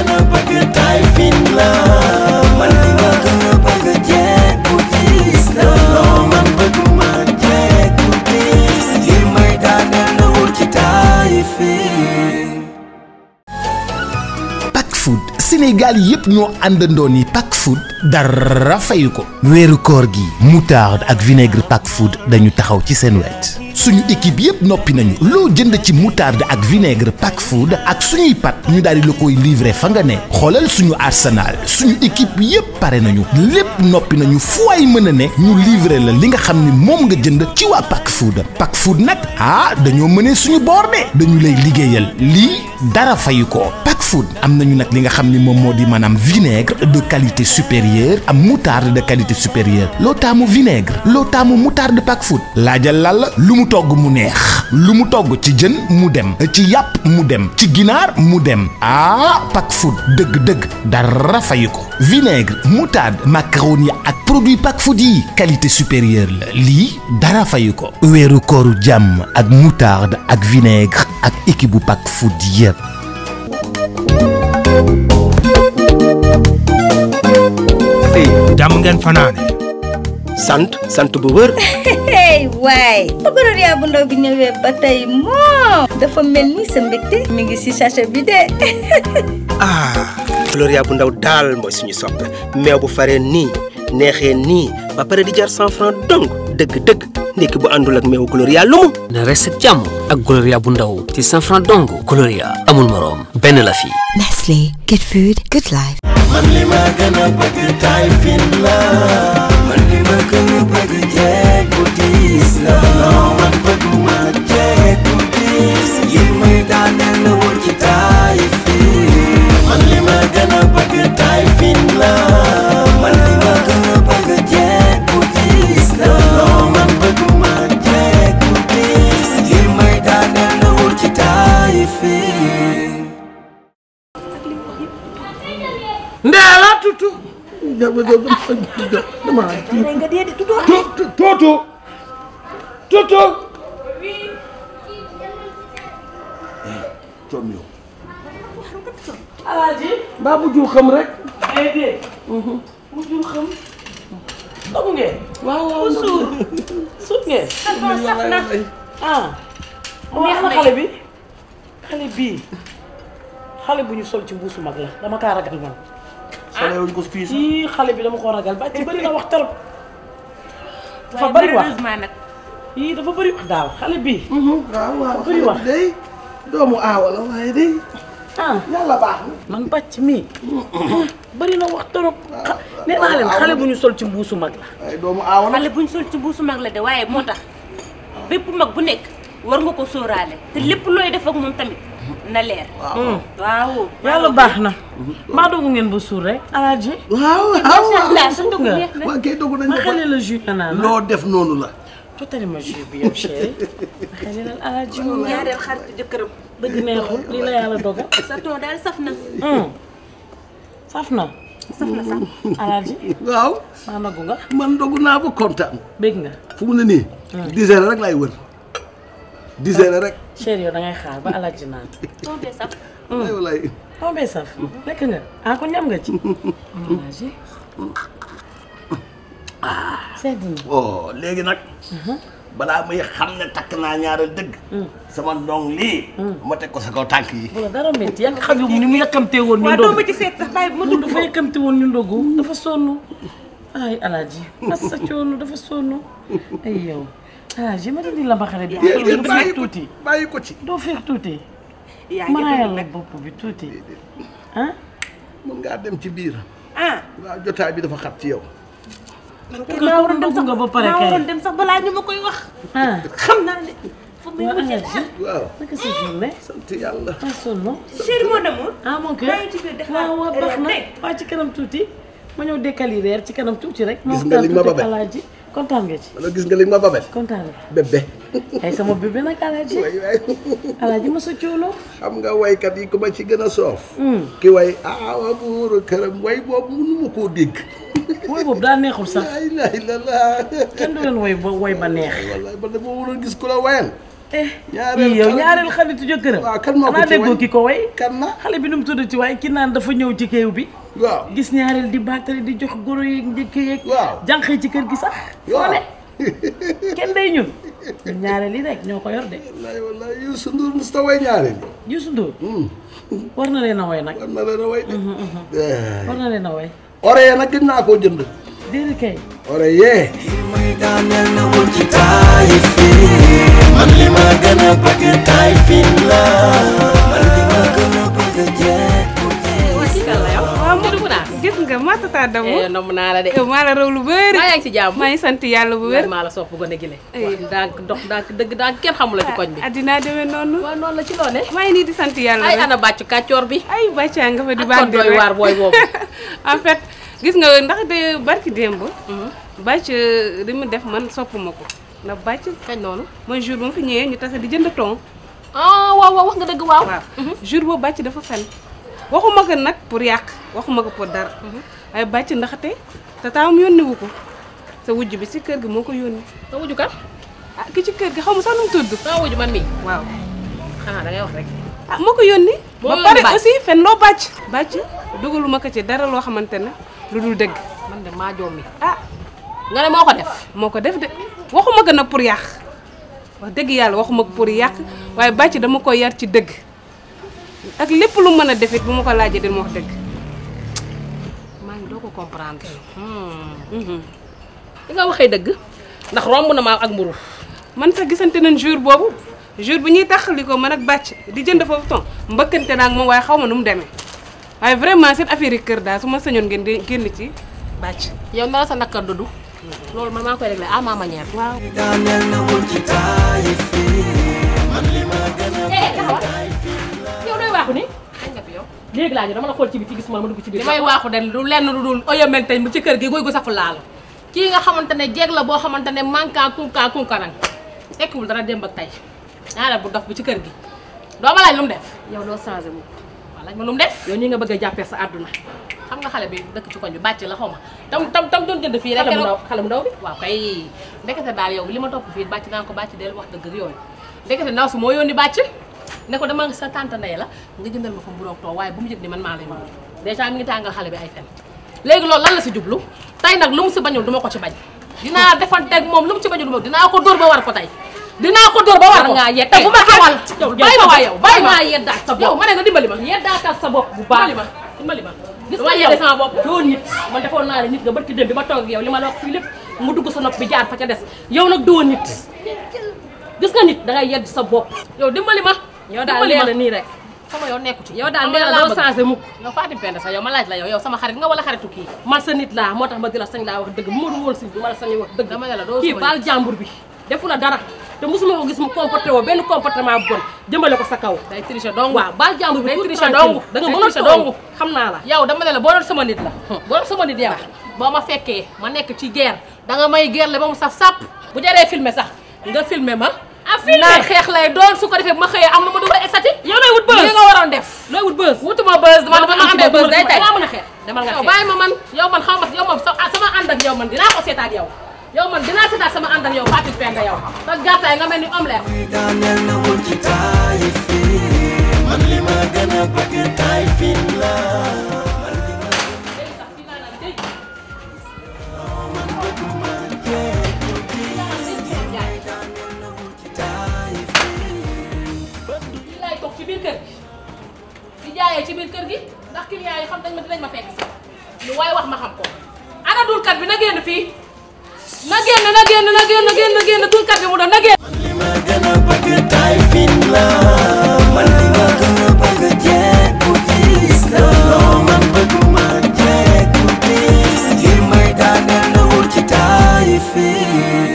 gën a Sénégal yëpp ñoo àndandoon ni pack food dara fayu ko weeru koor gi moutarde ak vinegre pack food dañu taxaw ci seen wet suñu équipe yëpp noppi nañu loo jënd ci moutarde ak vinegre pack food ak suñuy pat ñu daal di la koy livrer fa nga ne xoolal suñu arsenal suñu équipe yëpp pare nañu lépp noppi nañu fu ay mën a ne ñu livrer la li nga xam ne moom nga jënd ci waa pack food pack food nag ah dañoo mënee suñu boor de dañu lay liggéeyal lii dara fayu ko food am nañu nag li nga xam ni moom moo di maanaam vinaigre de qualité supérieure am moutarde de qualité supérieure loo taamu vinaigre loo taamu moutarde pack food laajal lalla lu mu togg mu neex lu mu togg ci jën mu dem ci yàpp mu dem ci ginaar mu dem ah pack food dëgg-dëgg dara fayu ko vinaigre moutarde macaroni ak produit pack food yi qualité supérieure la lii dara fayu ko weeru kooru jàmm ak moutarde ak vinaigre ak équipe bu pack food yëpp jàmm ngeen fanaane sant sant bu wër waay bëggoon yaa bu ndaw bi ñëwee ba tey moom dafa mel ni sa mbégte mi ngi si sachet bi de ah Gloria bu ndaw daal mooy suñu soppe meew bu faree nii neexee nii ba pare di jar cent francs dong dëgg-dëgg ndekki bu àndul ak meewu Gloria lu mu na rees ak jàmm ak Gloria bu ndaw ci 100 francs dong Gloria amul moroom benn la fi Nestlé good food good life dama Toto Toto coom yow alaaji mbaa bu jur xam rek déedéet bu mhm. jur xam dog ngeen waaw waaw suur ngeen saf na ah neex na xale bi xale bii xale bu ñu sol ci mbuusu mag la dama kaa ragal man xale wuñ ko fii sax ii xale bi dama ko ragal ba ci bëri na wax trop. dafa bëri wax ii dafa bëri wax daal xale bi. Mhm, waaw waaw bëri wax day doomu aawa la waaye day. ah yàlla baax na. man bàcc mii. bëri na wax trop. nee naa leen xale bu ñu sol ci mbuusu mag la. waaye doomu aawa la xale bu ñu sol ci mbuusu mag la de waaye moo tax ah. bépp mag bu nekk. war nga ko sóoraale te lépp looy def ak moom tamit na leer. waaw mm. waaw. yàlla baax na. maa dogu ngeen ba suur rek. alaaji. waaw waaw waaw kay dogu nañu ko ma xale ah. def noonu la. totali bi yow chéri. xale la alaaji moom ñaareel sa na. Mm. saf na. saf na saf. alaaji. maa dogu nga. man dogu naa ba kontaan. bëgg nga. fu mu nii. Mm. désert rek laay wër. di la rek. chéri yow dangay ngay xaar ba alaaj ji naan. tombé saf. walaay. tombé saf. lekk nga ah kon ñam nga ci. alaaj sedd na. oh léegi nag. Uh-huh. balaa may xam ne takk naa ñaareel dëgg. Mm. sama ndong lii. Mm. ma teg ko sa kaw tànk yi. wala dara métti yàq xam nga woon. ñu ndogu waaw doo ma ci seet sax bàyyi ma dugg fa dafa sonn ay alaaji. parce que coono dafa sonn ay ah je me dis la mbaxane bi. bàyyi ko ci bàyyi ko ci. doo feex tuuti. yaa ngi déglu nag bopp bi tuuti ah. mën ngaa dem ci biir. ah waaw jotaay bi dafa xat ci yow. man kay maa waroon dem sax nga ba pare kay maa waroon dem sax balaa ñu ma koy wax. Ah. xam naa ne. foofu muy wute ah. waaw. naka sa journée. sant yàlla. maa ah, sonn. chéri moo demoon. ah mon cœur waaw waaw baax na waa ci kanam tuuti. ma ñëw dekkali reer ci kanam tuuti rek. gis nga li ma ba ba kontaan nga ci. wala gis nga li ma babal. kontaan nga bébé. ay sama bébé nag alaaji. alaaji ma sa coolo. xam nga waykat yi ku ma ci gën a soof. ki way aawa buuru këram way boobu mënu ma koo dégg. way boobu daa neexul sax. ay la la la. kenn du leen way ba way ba neex. wallaay ba dama waroon gis ku la wayal. Eh. yow ñaareel xaritu jëkkëram waaw kan moo ko ci déggoo ki ko way kan na xale bi nu mu tudd ci waay ki naan dafa ñëw ci kéew bi waaw gis ñaareel di bàttali di jox goro yeeg njëkk yeeg waaw ci kër gi sax foole kenn day ñun ñaareel yi rek ñoo ko yor de wallaay wallaay Youssou Ndour mos ta way ñaareel yi Youssou Ndour hmm. war na leen a way nag war na leen a way hmm, hmm, eh. a oreye nag gën naa koo jënd déedéet kay oreye may daaneel na woon ci taay fii li ma gën a bëgg taay la man ma gën a bëgg jeex gis nga ma tata damu nomm naa la de maa la raw lu bëri maa ngi ci jàmm maa ngi sant yàlla bu wér maa la sopp gone gi le daank dox daank dëgg daank kenn xamula ci koñ bi addinaa demee noonu la ci loone maa ngi nii di sant yàlla ay ana bàccu kàccoor bi ay bàccaa nga fa di bandi doy waar booy boobu en gis nga ndax de barki démb mhm. bàcc li def man soppuma ko na bàcc kañ noonu mooy jour bu ma fi ñëwee ñu tase di jënd ton ah, waaw wax nga dëgg waaw waaw mhm. jour boobu bàcc dafa fen waxuma ko nag pour yàq waxuma ko pour dara mhm. waaye bàcc ndaxate te taamam yónni wu ko sa wujj bi si kër gi moo ko yónni sa wujj kan ah ki ci kër gi xaw ma sax nu mu tudd sa man mi waaw ah da wax rek ah moo ko yónni ba pare aussi fen loo bàcc bàcc dugaluma ko ci dara loo xamante ne lu dul dëgg man de maa mi ah nga ne moo ko def moo ko def de waxuma ko nag pour yàq wax dëgg yàlla waxuma ko pour yàq waaye bàcc dama ko yar ci dëgg ak lépp lu mën a defit bu ma ko laajee dina wax dëgg maa ngi ko comprendre. li hmm. mhm. nga waxee dëgg ndax romb na ma ak mburu man sa gisante nañ jour boobu jour bu ñuy tax li ko man ak bàcc di jënd foofu ton mbëkkante naa ak moom waaye xaw ma nu mu demee waaye vraiment seen affaire yi kër daal su ma sañoon ngeen di génn ci bàcc. yow na sa nakar dudd loolu man maa koy réglé à ma manière. waaw. Eh, yow doy waaxu ni. léegi laa dama la xool ci bi ci gis ma ma dugg ci biir. li may waaxu de lu lenn lu dul oyomel tey ci kër gi guy gu safu laal. kii nga xamante ne jeeg la boo xamante ne manka kunka kunka nag tekkiwul dara démb ak tey ñaareel bu dof bi ci kër gi doo ma laaj lu mu def. doo changé mu. waaw laaj ma lu mu def. nii nga bëgg a jàppee sa àdduna xam nga xale bi dëkk ci koñ bi bàcc la xaw ma tam tam tam doon jënd fii rek xale bu waaw kay ndekete daal yow li ma topp fii bàcc naa ko bàcc del wax dëgg yooyu ndekete ndaw si moo yónni bàcc ko dama sa tante ndey la nga jëndal ma fa mburoog waaye bu mu yëg ni man maa lay moom dèjà xale bi ay fen léegi loolu lan la si jublu tey nag lu mu si bañul du ko ci bañ dinaa teg moom lu mu ci bañul du ma dinaa ko dóor ba war ko tey dinaa ko dóor ba war ko te bu ma xawal yow bàyyi ma waay yow bàyyi ma yeddaat sa bopp yow ma ne nga dimbali ma yeddaatal sa bopp bu baax dimbali ma gis nga yow sama bopp doo nit man naa la nit nga barki dem bi ma toog yow ma la wax fii dugg sa nopp bi jaar fa ca des yow nag doo nit gis nga nit dangay yedd sa bopp yow dimbali ma yow daal leela nii rek sama yow nekku ci yow daal leela doo changé mukk yow Fatim Penda sax ma laaj la yow yow sama xarit nga wala xaritu kii man nit laa moo tax ma di la sañ laa wax dëgg bu ma woon si du ma la sañ wax dëgg kii baal jàmbur bi defu la dara te mosuma ko gis mu comporté woo benn comportement bu bon jëmale ko sa kaw. day tricher dong waaw baal jàmbur bi. day tricher dong da nga a dong xam naa la. yow dama ne la boo doon sama nit la. boo doon sama nit yow. boo ma fekkee ma nekk ci guerre danga may guerre la ba mu saf sàpp. bu jaree filmer sax nga filmer ma. a filmer naan xeex lay doon su ko defee ma xëyee am ma dugal estati. yow lay wut buzz li nga waroon def. lay wut buzz wutuma buzz man dama amee buzz day tay dama mën a xeex. dama nga xeex yow bàyyi ma man yow man xaw ma yow moom ah, sama ànd ak yow man dinaa ko yow yow man dinaa seetaat sama ànd ak yow Fatou Penda yow sa gàttaay nga mel ni omelette. man li ma gën a bëgg taay fi la. na génn na génn na génn na génn na génn tuukat bi mu doon na génn. man li ma gën a bëgg taay fin la man li ma gën a bëgg jeeg bu gis la non man bëgguma jeeg bu gis li may daaneel na wut ci taay